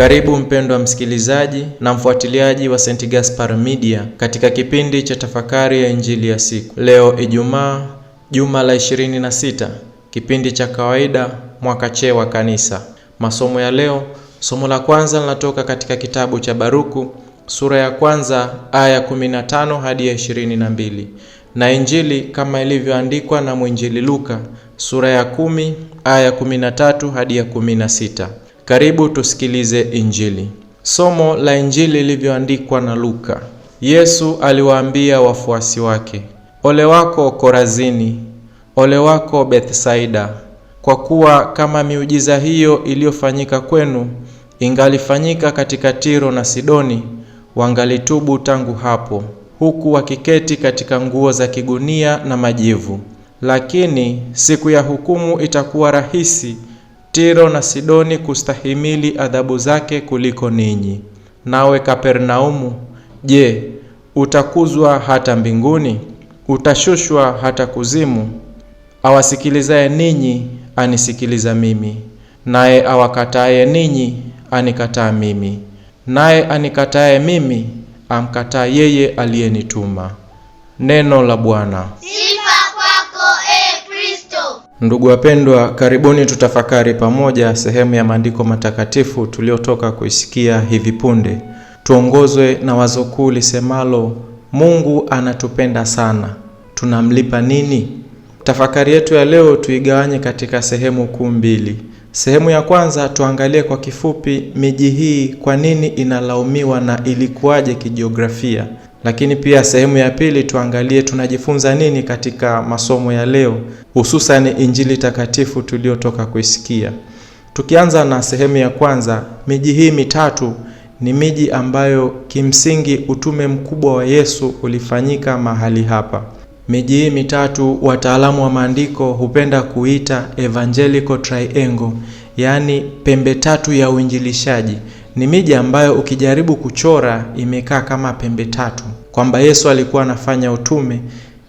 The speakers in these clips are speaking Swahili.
Karibu mpendwa msikilizaji na mfuatiliaji wa St. Gaspar Media katika kipindi cha tafakari ya Injili ya siku. Leo Ijumaa, juma la 26, kipindi cha kawaida, mwaka C wa Kanisa. Masomo ya leo, somo la kwanza linatoka katika kitabu cha Baruku sura ya kwanza aya 15 hadi ya 22, na Injili kama ilivyoandikwa na mwinjili Luka sura ya 10 aya 13 hadi ya 16. Karibu tusikilize Injili. Somo la Injili lilivyoandikwa na Luka. Yesu aliwaambia wafuasi wake, ole wako Korazini, ole wako Bethsaida, kwa kuwa kama miujiza hiyo iliyofanyika kwenu ingalifanyika katika Tiro na Sidoni, wangalitubu tangu hapo, huku wakiketi katika nguo za kigunia na majivu. Lakini siku ya hukumu itakuwa rahisi Tiro na Sidoni kustahimili adhabu zake kuliko ninyi. Nawe Kapernaumu, je, utakuzwa hata mbinguni? Utashushwa hata kuzimu? Awasikilizaye ninyi anisikiliza mimi, naye awakataye ninyi anikataa mimi, naye anikataye mimi amkataa yeye aliyenituma. Neno la Bwana. Ndugu wapendwa, karibuni tutafakari pamoja sehemu ya maandiko matakatifu tuliotoka kuisikia hivi punde. Tuongozwe na wazo kuu lisemalo Mungu anatupenda sana, tunamlipa nini? Tafakari yetu ya leo tuigawanye katika sehemu kuu mbili. Sehemu ya kwanza tuangalie kwa kifupi miji hii kwa nini inalaumiwa na ilikuwaje kijiografia, lakini pia sehemu ya pili tuangalie tunajifunza nini katika masomo ya leo, hususan Injili takatifu tuliyotoka kuisikia. Tukianza na sehemu ya kwanza, miji hii mitatu ni miji ambayo kimsingi utume mkubwa wa Yesu ulifanyika mahali hapa. Miji hii mitatu wataalamu wa maandiko hupenda kuita evangelical triangle, yaani pembe tatu ya uinjilishaji ni miji ambayo ukijaribu kuchora imekaa kama pembe tatu, kwamba Yesu alikuwa anafanya utume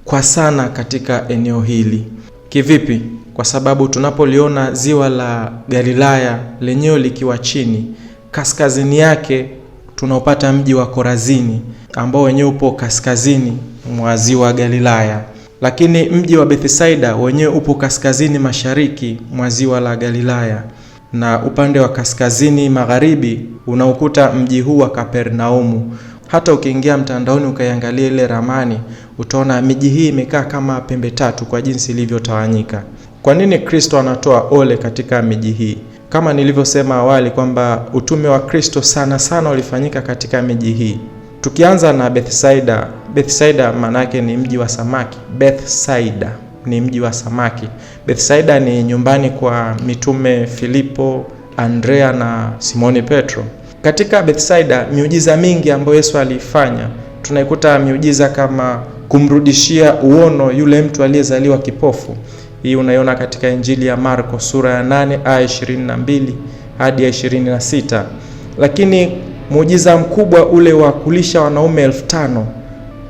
kwa sana katika eneo hili. Kivipi? Kwa sababu tunapoliona ziwa la Galilaya lenyewe likiwa chini, kaskazini yake tunaopata mji wa Korazini ambao wenyewe upo kaskazini mwa ziwa Galilaya, lakini mji wa Bethsaida wenyewe upo kaskazini mashariki mwa ziwa la Galilaya na upande wa kaskazini magharibi unaokuta mji huu wa Kapernaumu. Hata ukiingia mtandaoni ukaiangalia ile ramani utaona miji hii imekaa kama pembe tatu kwa jinsi ilivyotawanyika. Kwa nini Kristo anatoa ole katika miji hii? Kama nilivyosema awali kwamba utume wa Kristo sana sana ulifanyika katika miji hii. Tukianza na Bethsaida, Bethsaida maana yake ni mji wa samaki, Bethsaida ni mji wa samaki. Bethsaida ni nyumbani kwa mitume Filipo, Andrea na Simoni Petro. Katika Bethsaida miujiza mingi ambayo Yesu aliifanya tunaikuta miujiza kama kumrudishia uono yule mtu aliyezaliwa kipofu. Hii unaiona katika Injili ya Marko sura ya 8 aya 22 hadi ya 26. Lakini muujiza mkubwa ule wa kulisha wanaume elfu tano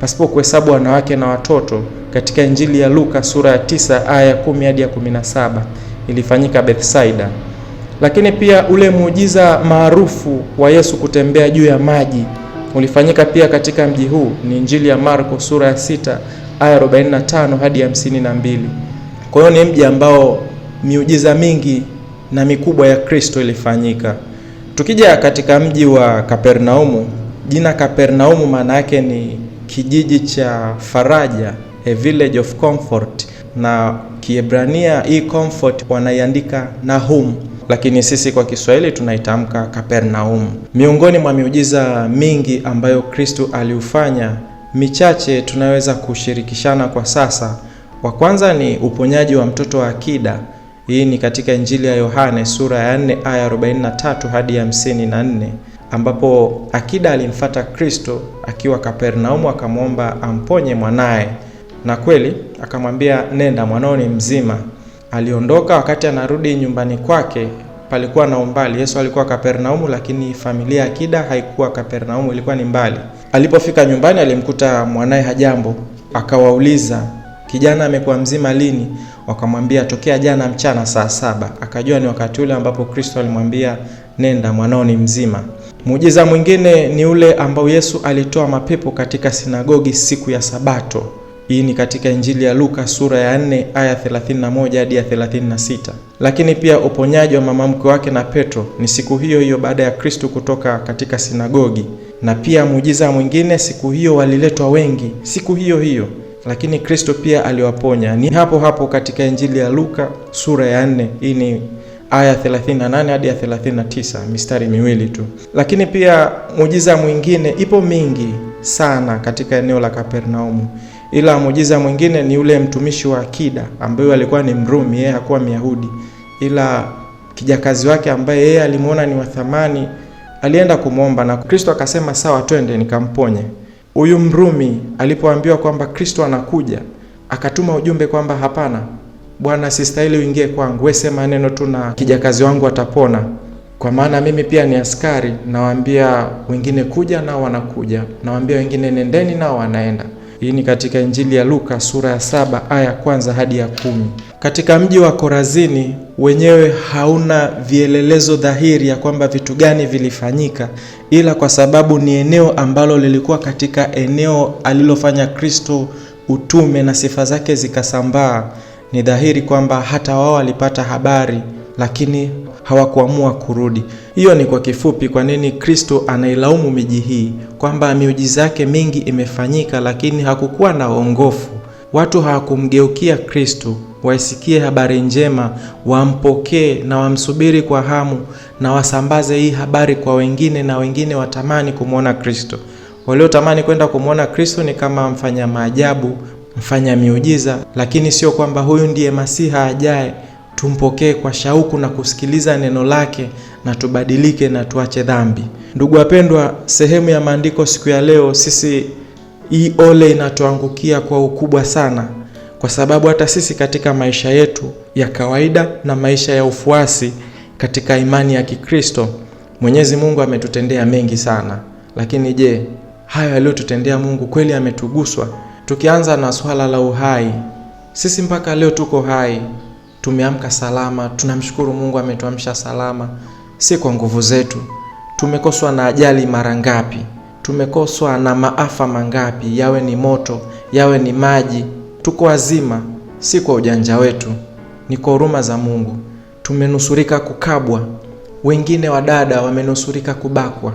pasipo kuhesabu wanawake na watoto katika Injili ya Luka sura ya tisa aya ya kumi hadi ya kumi saba ilifanyika Bethsaida. Lakini pia ule muujiza maarufu wa Yesu kutembea juu ya maji ulifanyika pia katika mji huu, ni Injili ya Marko sura ya sita aya 45 hadi 52. Kwa hiyo ni mji ambao miujiza mingi na mikubwa ya Kristo ilifanyika. Tukija katika mji wa Kapernaumu, jina Kapernaumu maana yake ni kijiji cha faraja, a village of comfort, na Kiebrania hii comfort wanaiandika Nahum, lakini sisi kwa Kiswahili tunaitamka Kapernaum. Miongoni mwa miujiza mingi ambayo Kristo aliufanya, michache tunaweza kushirikishana kwa sasa. Wa kwanza ni uponyaji wa mtoto wa akida. Hii ni katika Injili ya Yohane sura ya 4 aya 43 hadi 54 ambapo akida alimfata Kristo akiwa Kapernaumu akamwomba amponye mwanaye, na kweli akamwambia, nenda, mwanao ni mzima. Aliondoka. Wakati anarudi nyumbani kwake palikuwa na umbali. Yesu alikuwa Kapernaumu, lakini familia akida haikuwa Kapernaumu, ilikuwa ni mbali. Alipofika nyumbani, alimkuta mwanaye hajambo, akawauliza kijana amekuwa mzima lini? Wakamwambia tokea jana mchana saa saba. Akajua ni wakati ule ambapo Kristo alimwambia nenda, mwanao ni mzima. Muujiza mwingine ni ule ambao Yesu alitoa mapepo katika sinagogi siku ya Sabato. Hii ni katika Injili ya Luka sura ya 4 aya 31 hadi ya 36. Lakini pia uponyaji wa mama mke wake na Petro ni siku hiyo hiyo baada ya Kristo kutoka katika sinagogi. Na pia muujiza mwingine, siku hiyo waliletwa wengi siku hiyo hiyo, lakini Kristo pia aliwaponya. Ni hapo hapo katika Injili ya Luka sura ya 4. Hii ni aya 38 hadi ya 39, mistari miwili tu. Lakini pia muujiza mwingine ipo mingi sana katika eneo la Kapernaumu, ila muujiza mwingine ni ule mtumishi wa akida ambaye alikuwa ni Mrumi, yeye hakuwa Myahudi, ila kijakazi wake ambaye yeye alimuona ni wa thamani alienda kumwomba na Kristo akasema sawa, twende nikamponye. Huyu Mrumi alipoambiwa kwamba Kristo anakuja, akatuma ujumbe kwamba hapana bwana, sistahili uingie kwangu, wewe sema neno tu na kijakazi wangu atapona, kwa maana mimi pia ni askari. Nawaambia wengine kuja, nao wanakuja, nawaambia wengine nendeni, nao wanaenda. Hii ni katika Injili ya Luka sura ya saba aya ya kwanza hadi ya kumi. Katika mji wa Korazini wenyewe hauna vielelezo dhahiri ya kwamba vitu gani vilifanyika, ila kwa sababu ni eneo ambalo lilikuwa katika eneo alilofanya Kristo utume na sifa zake zikasambaa ni dhahiri kwamba hata wao walipata habari, lakini hawakuamua kurudi. Hiyo ni kwa kifupi kwa nini Kristo anailaumu miji hii kwamba miujiza yake mingi imefanyika, lakini hakukuwa na uongofu. Watu hawakumgeukia Kristo waisikie habari njema, wampokee na wamsubiri kwa hamu, na wasambaze hii habari kwa wengine, na wengine watamani kumwona Kristo. Waliotamani kwenda kumwona Kristo ni kama mfanya maajabu mfanya miujiza, lakini sio kwamba huyu ndiye Masiha ajaye tumpokee kwa shauku na kusikiliza neno lake na tubadilike na tuache dhambi. Ndugu wapendwa, sehemu ya maandiko siku ya leo sisi hii ole inatuangukia kwa ukubwa sana, kwa sababu hata sisi katika maisha yetu ya kawaida na maisha ya ufuasi katika imani ya Kikristo Mwenyezi Mungu ametutendea mengi sana, lakini je, hayo aliyotutendea Mungu kweli ametuguswa? Tukianza na swala la uhai, sisi mpaka leo tuko hai, tumeamka salama, tunamshukuru Mungu ametuamsha salama, si kwa nguvu zetu. Tumekoswa na ajali mara ngapi? Tumekoswa na maafa mangapi? Yawe ni moto, yawe ni maji, tuko wazima, si kwa ujanja wetu, ni kwa huruma za Mungu. Tumenusurika kukabwa, wengine wadada wamenusurika kubakwa,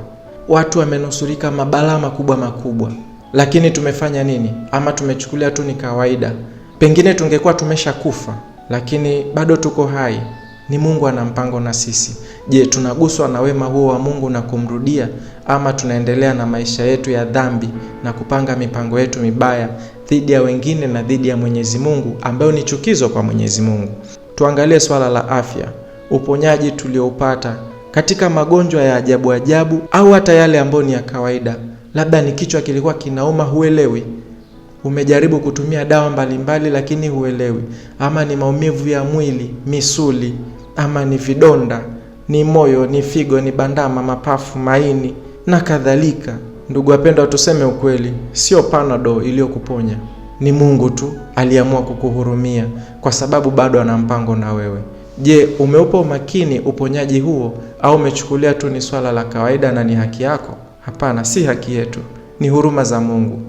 watu wamenusurika mabalaa makubwa makubwa lakini tumefanya nini? Ama tumechukulia tu ni kawaida. Pengine tungekuwa tumeshakufa, lakini bado tuko hai. Ni Mungu ana mpango na sisi. Je, tunaguswa na wema huo wa Mungu na kumrudia, ama tunaendelea na maisha yetu ya dhambi na kupanga mipango yetu mibaya dhidi ya wengine na dhidi ya Mwenyezi Mungu, ambayo ni chukizo kwa Mwenyezi Mungu? Tuangalie swala la afya, uponyaji tulioupata katika magonjwa ya ajabu ajabu au hata yale ambayo ni ya kawaida labda ni kichwa kilikuwa kinauma, huelewi. Umejaribu kutumia dawa mbalimbali, lakini huelewi, ama ni maumivu ya mwili, misuli, ama ni vidonda, ni moyo, ni figo, ni bandama, mapafu, maini na kadhalika. Ndugu wapendwa, tuseme ukweli, sio panado iliyokuponya ni Mungu tu aliamua kukuhurumia kwa sababu bado ana mpango na wewe. Je, umeupa umakini uponyaji huo au umechukulia tu ni swala la kawaida na ni haki yako? Hapana, si haki yetu, ni huruma za Mungu.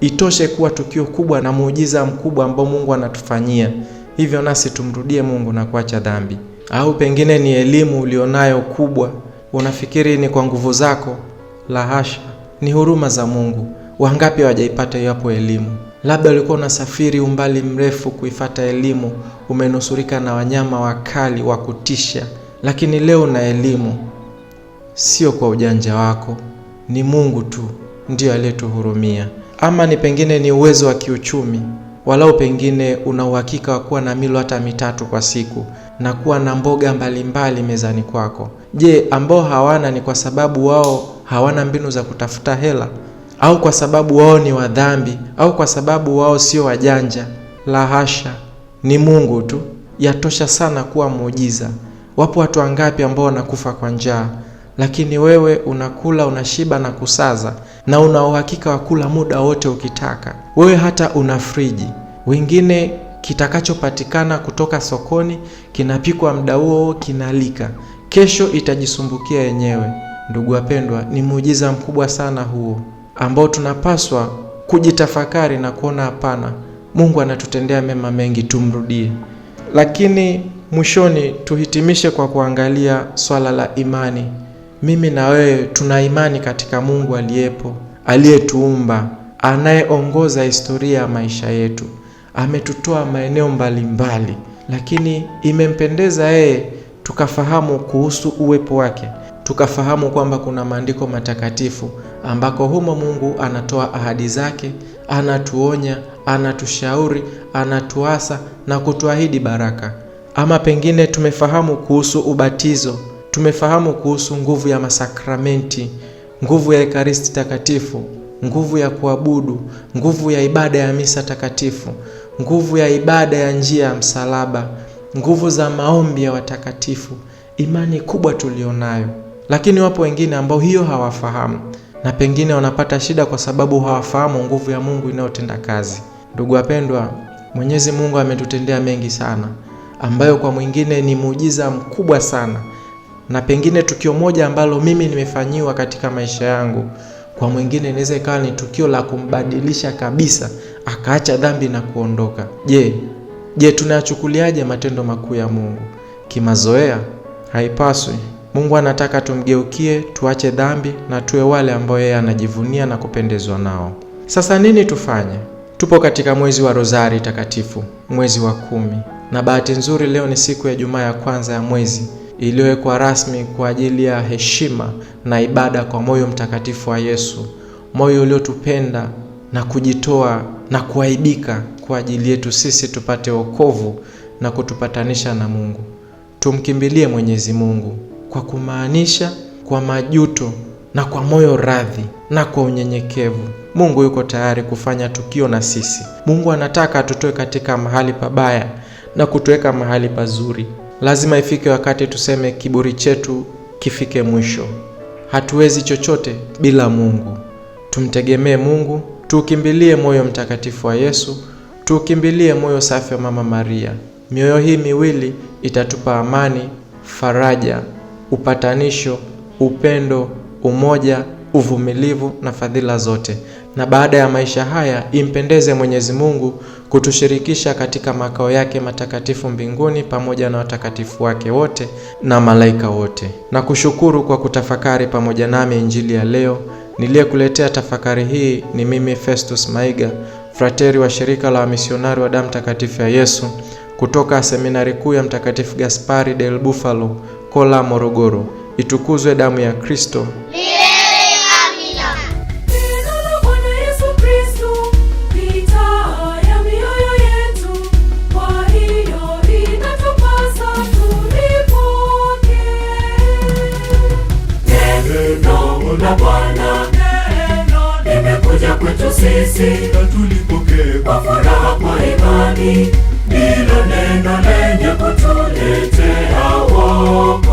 Itoshe kuwa tukio kubwa na muujiza mkubwa ambao Mungu anatufanyia. Hivyo nasi tumrudie Mungu na kuacha dhambi. Au pengine ni elimu ulionayo kubwa, unafikiri ni kwa nguvu zako? La hasha, ni huruma za Mungu. Wangapi hawajaipata iwapo elimu? Labda ulikuwa unasafiri umbali mrefu kuifata elimu, umenusurika na wanyama wakali wa kutisha, lakini leo na elimu, sio kwa ujanja wako ni Mungu tu ndiye aliyetuhurumia, ama ni pengine ni uwezo wa kiuchumi, walau pengine una uhakika wa kuwa na milo hata mitatu kwa siku na kuwa na mboga mbalimbali mbali mezani kwako. Je, ambao hawana ni kwa sababu wao hawana mbinu za kutafuta hela au kwa sababu wao ni wadhambi au kwa sababu wao sio wajanja? La hasha, ni Mungu tu. Yatosha sana kuwa muujiza. Wapo watu wangapi ambao wanakufa kwa njaa lakini wewe unakula unashiba na kusaza, na una uhakika wa kula muda wote ukitaka. Wewe hata una friji. Wengine kitakachopatikana kutoka sokoni kinapikwa muda huo, kinalika, kesho itajisumbukia yenyewe. Ndugu wapendwa, ni muujiza mkubwa sana huo ambao tunapaswa kujitafakari na kuona, hapana, Mungu anatutendea mema mengi, tumrudie. Lakini mwishoni, tuhitimishe kwa kuangalia swala la imani mimi na wewe tuna imani katika Mungu aliyepo, aliyetuumba, anayeongoza historia ya maisha yetu. Ametutoa maeneo mbalimbali mbali, lakini imempendeza yeye tukafahamu kuhusu uwepo wake, tukafahamu kwamba kuna maandiko matakatifu ambako humo Mungu anatoa ahadi zake, anatuonya, anatushauri, anatuasa na kutuahidi baraka. Ama pengine tumefahamu kuhusu ubatizo tumefahamu kuhusu nguvu ya masakramenti, nguvu ya Ekaristi Takatifu, nguvu ya kuabudu, nguvu ya ibada ya misa takatifu, nguvu ya ibada ya njia ya msalaba, nguvu za maombi ya watakatifu. Imani kubwa tulionayo, lakini wapo wengine ambao hiyo hawafahamu na pengine wanapata shida kwa sababu hawafahamu nguvu ya Mungu inayotenda kazi. Ndugu wapendwa, Mwenyezi Mungu ametutendea mengi sana ambayo kwa mwingine ni muujiza mkubwa sana na pengine tukio moja ambalo mimi nimefanyiwa katika maisha yangu, kwa mwingine inaweza ikawa ni tukio la kumbadilisha kabisa, akaacha dhambi na kuondoka. Je, je, tunayachukuliaje matendo makuu ya Mungu kimazoea? Haipaswi. Mungu anataka tumgeukie, tuache dhambi na tuwe wale ambao yeye anajivunia na kupendezwa nao. Sasa nini tufanye? Tupo katika mwezi wa Rozari Takatifu, mwezi wa kumi, na bahati nzuri leo ni siku ya Jumaa ya kwanza ya mwezi iliyowekwa rasmi kwa ajili ya heshima na ibada kwa moyo mtakatifu wa Yesu, moyo uliotupenda na kujitoa na kuaibika kwa ajili yetu sisi tupate wokovu na kutupatanisha na Mungu. Tumkimbilie Mwenyezi Mungu kwa kumaanisha, kwa majuto na kwa moyo radhi na kwa unyenyekevu. Mungu yuko tayari kufanya tukio na sisi. Mungu anataka atutoe katika mahali pabaya na kutuweka mahali pazuri. Lazima ifike wakati tuseme kiburi chetu kifike mwisho. Hatuwezi chochote bila Mungu. Tumtegemee Mungu, tuukimbilie moyo mtakatifu wa Yesu, tuukimbilie moyo safi wa Mama Maria. Mioyo hii miwili itatupa amani, faraja, upatanisho, upendo, umoja, uvumilivu na fadhila zote na baada ya maisha haya impendeze Mwenyezi Mungu kutushirikisha katika makao yake matakatifu mbinguni pamoja na watakatifu wake wote na malaika wote. Na kushukuru kwa kutafakari pamoja nami Injili ya leo. Niliyekuletea tafakari hii ni mimi Festus Maiga, frateri wa shirika la wamisionari wa damu takatifu ya Yesu kutoka seminari kuu ya Mtakatifu Gaspari del Bufalo, Kola, Morogoro. Itukuzwe damu ya Kristo! kuja kwetu sisi, na tulipokee kwa furaha kwa imani, ndilo neno lenye kutuletea wokovu.